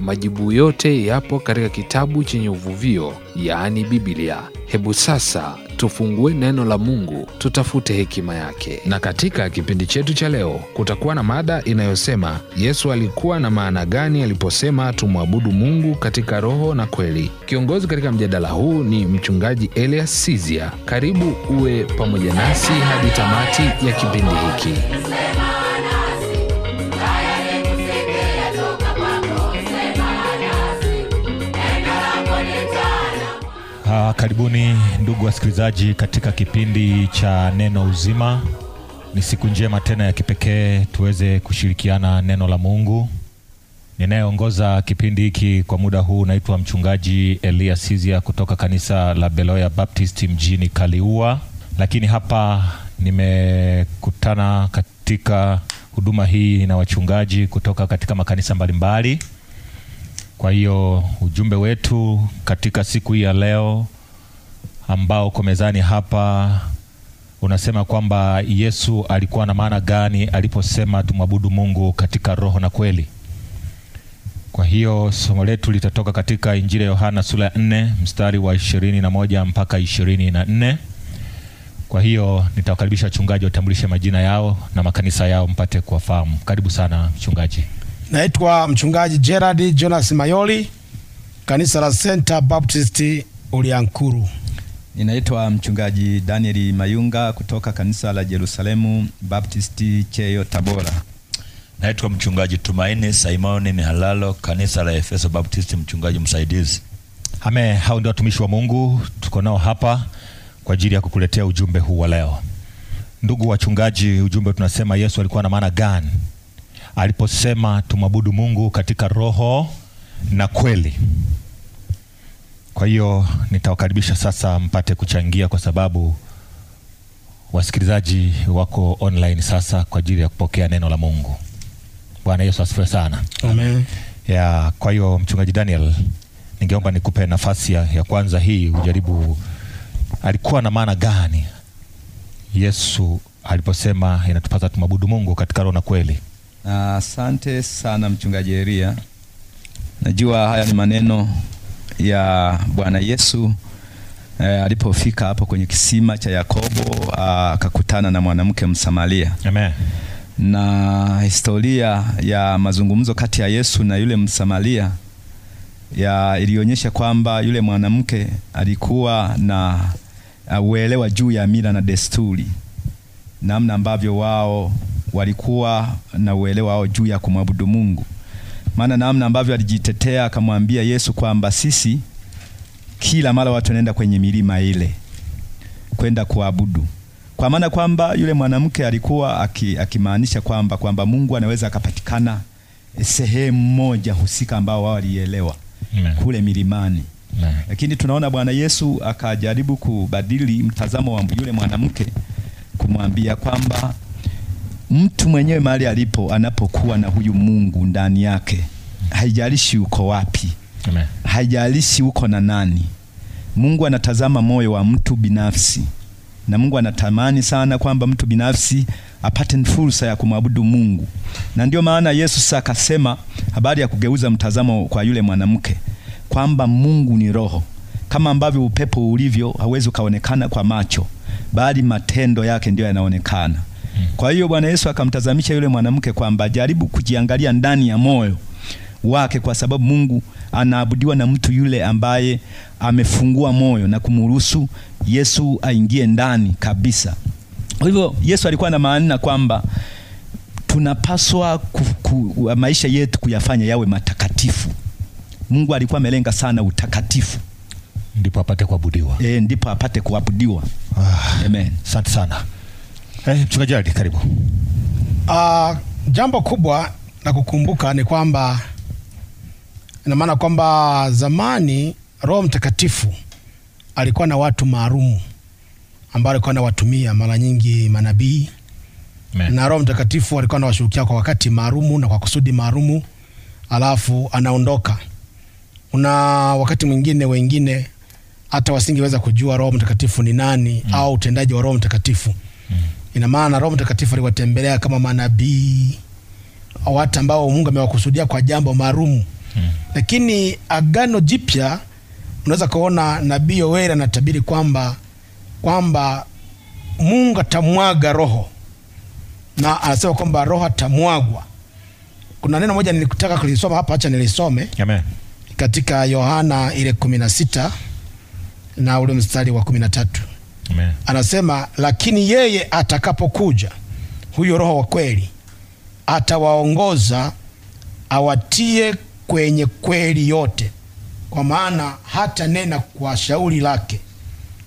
Majibu yote yapo katika kitabu chenye uvuvio, yaani Biblia. Hebu sasa tufungue neno la Mungu, tutafute hekima yake. Na katika kipindi chetu cha leo kutakuwa na mada inayosema Yesu alikuwa na maana gani aliposema tumwabudu Mungu katika roho na kweli. Kiongozi katika mjadala huu ni mchungaji Elias Sizia. Karibu uwe pamoja nasi hadi tamati ya kipindi hiki. Uh, karibuni ndugu wasikilizaji katika kipindi cha Neno Uzima. Ni siku njema tena ya kipekee tuweze kushirikiana neno la Mungu. Ninayeongoza kipindi hiki kwa muda huu naitwa Mchungaji Elia Sizia kutoka kanisa la Beloya Baptist mjini Kaliua, lakini hapa nimekutana katika huduma hii na wachungaji kutoka katika makanisa mbalimbali mbali. Kwa hiyo ujumbe wetu katika siku hii ya leo ambao uko mezani hapa unasema kwamba Yesu alikuwa na maana gani aliposema tumwabudu Mungu katika roho na kweli. Kwa hiyo somo letu litatoka katika Injili ya Yohana sura ya 4 mstari wa 21 mpaka 24. Kwa hiyo nitawakaribisha wachungaji watambulishe majina yao na makanisa yao mpate kuwafahamu. Karibu sana mchungaji. Naitwa mchungaji Gerard Jonas Mayoli, kanisa la Center Baptist Uliankuru. Ninaitwa mchungaji Daniel Mayunga kutoka kanisa la Jerusalemu Baptist Cheyo Tabora. Naitwa mchungaji Tumaini Simoni Mihalalo, kanisa la Efeso Baptist, mchungaji msaidizi. Ame, hao ndio watumishi wa Mungu tuko nao hapa kwa ajili ya kukuletea ujumbe huu wa leo. Ndugu wachungaji, ujumbe tunasema Yesu alikuwa na maana gani? aliposema tumwabudu Mungu katika roho na kweli. Kwa hiyo nitawakaribisha sasa mpate kuchangia, kwa sababu wasikilizaji wako online sasa kwa ajili ya kupokea neno la Mungu. Bwana Yesu asifiwe sana. Amen. Ya, kwa hiyo mchungaji Daniel, ningeomba nikupe nafasi ya kwanza hii ujaribu, alikuwa na maana gani Yesu aliposema inatupasa tumwabudu Mungu katika roho na kweli? Na asante sana mchungaji Elia, najua haya ni maneno ya Bwana Yesu eh, alipofika hapo kwenye kisima cha Yakobo ah, akakutana na mwanamke Msamaria. Amen. Na historia ya mazungumzo kati ya Yesu na yule Msamaria ya ilionyesha kwamba yule mwanamke alikuwa na ah, uelewa juu ya mila na desturi, namna ambavyo wao walikuwa na uelewa wao juu ya kumwabudu Mungu, maana namna ambavyo alijitetea akamwambia Yesu kwamba sisi kila mara watu wanaenda kwenye milima ile kwenda kuabudu, kwa maana kwamba yule mwanamke alikuwa akimaanisha aki kwamba kwamba Mungu anaweza akapatikana sehemu moja husika ambao wao walielewa kule milimani. Lakini tunaona Bwana Yesu akajaribu kubadili mtazamo wa yule mwanamke kumwambia kwamba mtu mwenyewe mahali alipo, anapokuwa na huyu Mungu ndani yake, haijalishi uko wapi, haijalishi uko na nani, Mungu anatazama moyo wa mtu binafsi, na Mungu anatamani sana kwamba mtu binafsi apate fursa ya kumwabudu Mungu, na ndio maana Yesu sasa akasema habari ya kugeuza mtazamo kwa yule mwanamke kwamba Mungu ni roho, kama ambavyo upepo ulivyo hauwezi ukaonekana kwa macho, bali matendo yake ndiyo yanaonekana. Kwa hiyo Bwana Yesu akamtazamisha yule mwanamke kwamba jaribu kujiangalia ndani ya moyo wake, kwa sababu Mungu anaabudiwa na mtu yule ambaye amefungua moyo na kumruhusu Yesu aingie ndani kabisa. Kwa hivyo Yesu alikuwa na maana kwamba tunapaswa ku, ku, maisha yetu kuyafanya yawe matakatifu. Mungu alikuwa amelenga sana utakatifu ndipo apate kuabudiwa. E, ndipo apate kuabudiwa. Ah, Amen. Asante sana. Eh, Mchungaji Ali, karibu. Uh, jambo kubwa la kukumbuka ni kwamba ina maana kwamba zamani Roho Mtakatifu alikuwa na watu maalum ambao alikuwa anawatumia, mara nyingi manabii na Roho Mtakatifu alikuwa anawashughulikia kwa wakati maalum na kwa kusudi maalum, alafu anaondoka. Una wakati mwingine wengine hata wasingeweza kujua Roho Mtakatifu ni nani mm. au utendaji wa Roho Mtakatifu mm. Ina maana Roho Mtakatifu aliwatembelea kama manabii au watu ambao Mungu amewakusudia kwa jambo maalum hmm. Lakini Agano Jipya unaweza kuona nabii Yoeli anatabiri kwamba kwamba Mungu atamwaga roho na anasema kwamba roho atamwagwa. Kuna neno moja nilikutaka kulisoma hapa, acha nilisome. Amen. Katika Yohana ile 16 na ule mstari wa 13. Amen. Anasema lakini yeye atakapokuja huyo Roho wa kweli atawaongoza awatie kwenye kweli yote, kwa maana hata nena kwa shauri lake.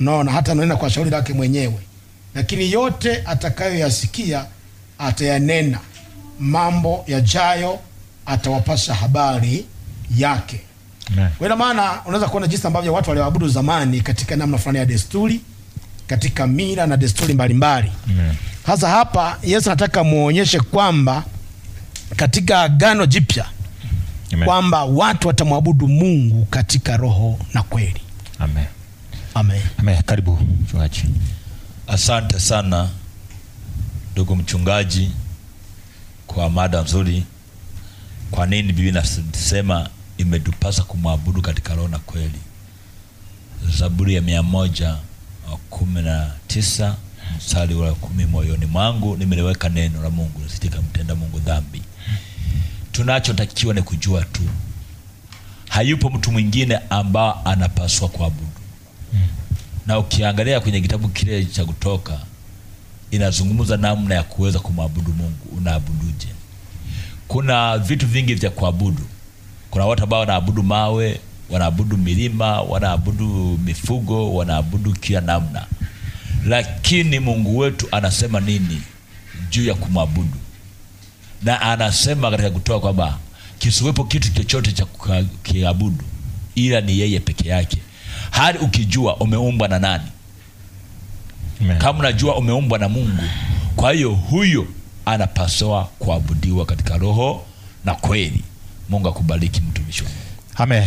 naona hata nena kwa shauri lake mwenyewe, lakini yote atakayoyasikia atayanena, mambo yajayo atawapasha habari yake. Kwa maana unaweza kuona jinsi ambavyo watu waliwaabudu zamani katika namna fulani ya desturi katika mila na desturi mbalimbali. Sasa hapa Yesu anataka muonyeshe kwamba katika Agano Jipya kwamba watu watamwabudu Mungu katika roho na kweli. Amen. Amen. Amen. Karibu mchungaji. Asante sana ndugu mchungaji kwa mada nzuri. Kwa nini Biblia inasema imetupasa kumwabudu katika roho na kweli? Zaburi ya mia moja kumi na tisa mstari wa kumi moyoni mwangu nimeliweka neno la Mungu, nisitika mtenda Mungu dhambi. Tunachotakiwa ni kujua tu hayupo mtu mwingine ambao anapaswa kuabudu Na ukiangalia kwenye kitabu kile cha Kutoka inazungumza namna ya kuweza kumwabudu Mungu. Unaabuduje? Kuna vitu vingi vya kuabudu. Kuna watu ambao wanaabudu mawe, wanaabudu milima, wanaabudu mifugo, wanaabudu kila namna. Lakini Mungu wetu anasema nini juu ya kumwabudu? Na anasema katika kutoa kwamba kisiwepo kitu chochote cha kukiabudu ila ni yeye peke yake, hadi ukijua umeumbwa na nani. Amen. Kama unajua umeumbwa na Mungu, kwa hiyo huyo anapaswa kuabudiwa katika roho na kweli. Mungu akubariki mtumishi wa Mungu. Amen.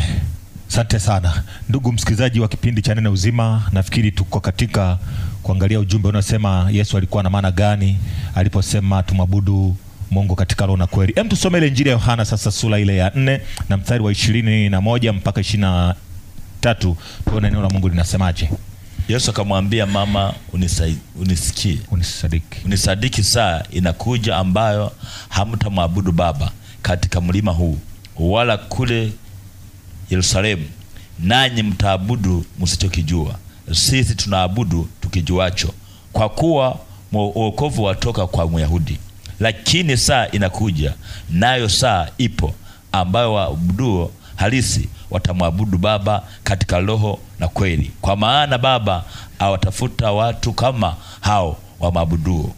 Asante sana ndugu msikilizaji wa kipindi cha Neno Uzima, nafikiri tuko katika kuangalia ujumbe unaosema Yesu alikuwa na maana gani aliposema tumwabudu Mungu katika roho na kweli. Hem, tusome ile Injili ya Yohana sasa sura ile ya nne na mstari wa ishirini na moja mpaka ishirini na tatu tuone neno la Mungu linasemaje. Yesu akamwambia, mama, unisikie, unisadiki, unisadiki, saa inakuja ambayo hamtamwabudu Baba katika mlima huu wala kule Yerusalemu, nanyi mtaabudu msichokijua, sisi tunaabudu tukijuacho, kwa kuwa wokovu watoka kwa Myahudi. Lakini saa inakuja, nayo saa ipo, ambayo waabuduo halisi watamwabudu Baba katika roho na kweli, kwa maana Baba awatafuta watu kama hao wamwabuduo.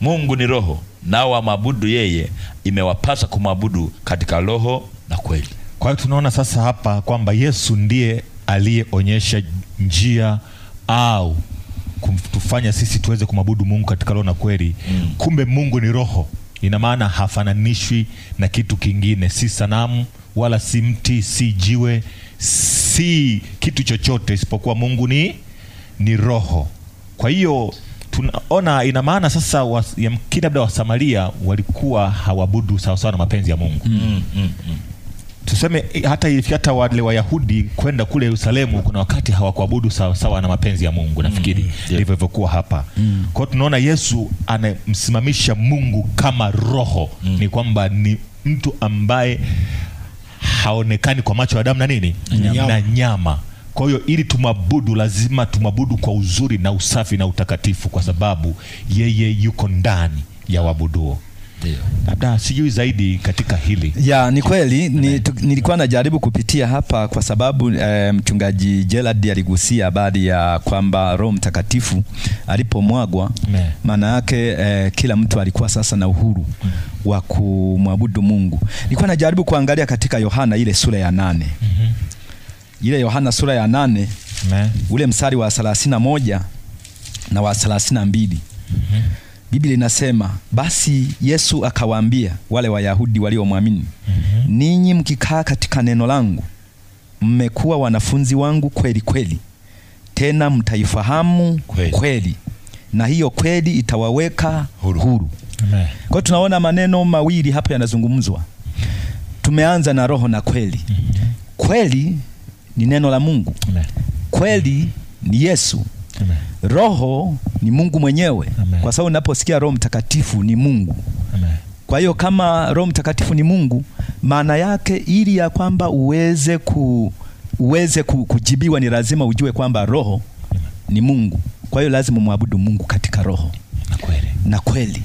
Mungu ni Roho, nao wamwabudu yeye imewapasa kumwabudu katika roho na kweli. Kwa hiyo tunaona sasa hapa kwamba Yesu ndiye aliyeonyesha njia au kutufanya sisi tuweze kumwabudu Mungu katika roho na kweli mm. Kumbe Mungu ni roho, ina maana hafananishwi na kitu kingine, si sanamu wala si mti, si jiwe, si kitu chochote, isipokuwa Mungu ni, ni roho. Kwa hiyo tunaona ina maana sasa, yamkini labda Wasamaria walikuwa hawabudu sawasawa na mapenzi ya Mungu mm, mm, mm tuseme eh, hata hata wale Wayahudi kwenda kule Yerusalemu, kuna wakati hawakuabudu sawa sawa na mapenzi ya Mungu. Nafikiri ndivyo mm, yeah, ilivyokuwa hapa mm. Kwa hiyo tunaona Yesu anamsimamisha Mungu kama roho mm. Ni kwamba ni mtu ambaye haonekani kwa macho ya damu na nini nyama, na nyama. Kwa hiyo ili tumwabudu lazima tumwabudu kwa uzuri na usafi na utakatifu, kwa sababu yeye yuko ndani ya wabuduo labda sijui zaidi katika hili ya ni kweli ni, tu, nilikuwa najaribu kupitia hapa kwa sababu eh, mchungaji Gerald aligusia habari ya kwamba Roho Mtakatifu alipomwagwa maana yake eh, kila mtu alikuwa sasa na uhuru mm. wa kumwabudu Mungu. Nilikuwa najaribu kuangalia katika Yohana ile sura ya nane mm -hmm. ile Yohana sura ya nane Amen. ule msari wa thelathini na moja na wa thelathini na mbili mm -hmm Biblia inasema basi Yesu akawaambia wale Wayahudi waliomwamini, mm -hmm. ninyi mkikaa katika neno langu mmekuwa wanafunzi wangu kweli kweli, tena mtaifahamu kweli, kweli. na hiyo kweli itawaweka huru, huru. Kwa hiyo tunaona maneno mawili hapa yanazungumzwa. Tumeanza na roho na kweli. Mhm. Kweli ni neno la Mungu. Kweli ni Yesu. Roho ni Mungu mwenyewe Amen. Kwa sababu ninaposikia Roho Mtakatifu ni Mungu Amen. Kwa hiyo kama Roho Mtakatifu ni Mungu, maana yake ili ya kwamba uweze, ku, uweze ku, kujibiwa ni lazima ujue kwamba Roho ni Mungu. Kwa hiyo lazima umwabudu Mungu katika Roho na kweli, na kweli.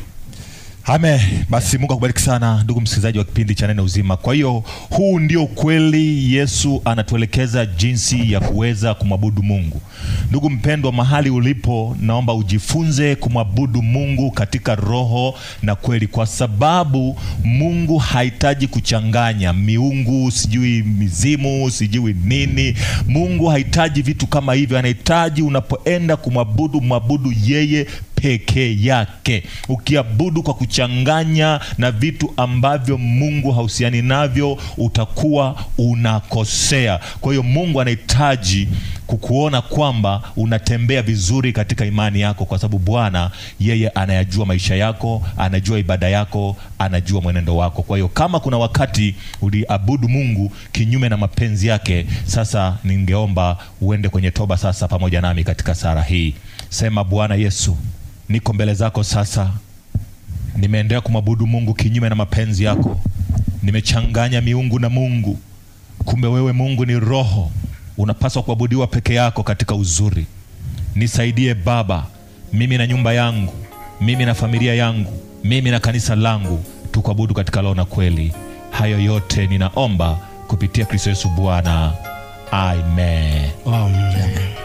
Amen. Basi Mungu akubariki sana ndugu msikilizaji wa kipindi cha Neno Uzima. Kwa hiyo huu ndio kweli Yesu anatuelekeza jinsi ya kuweza kumwabudu Mungu. Ndugu mpendwa, mahali ulipo, naomba ujifunze kumwabudu Mungu katika roho na kweli, kwa sababu Mungu hahitaji kuchanganya miungu, sijui mizimu, sijui nini. Mungu hahitaji vitu kama hivyo, anahitaji unapoenda kumwabudu, mwabudu yeye peke yake. Ukiabudu kwa kuchanganya na vitu ambavyo Mungu hausiani navyo, utakuwa unakosea. Kwa hiyo Mungu anahitaji kukuona kwamba unatembea vizuri katika imani yako, kwa sababu Bwana yeye anayajua maisha yako, anajua ibada yako, anajua mwenendo wako. Kwa hiyo kama kuna wakati uliabudu Mungu kinyume na mapenzi yake, sasa ningeomba uende kwenye toba sasa pamoja nami katika sara hii. Sema, Bwana Yesu, niko mbele zako sasa, nimeendelea kumwabudu Mungu kinyume na mapenzi yako, nimechanganya miungu na Mungu. Kumbe wewe Mungu ni roho, unapaswa kuabudiwa peke yako katika uzuri. Nisaidie Baba, mimi na nyumba yangu, mimi na familia yangu, mimi na kanisa langu, tukuabudu katika roho na kweli. Hayo yote ninaomba kupitia Kristo Yesu Bwana, amen. Amen.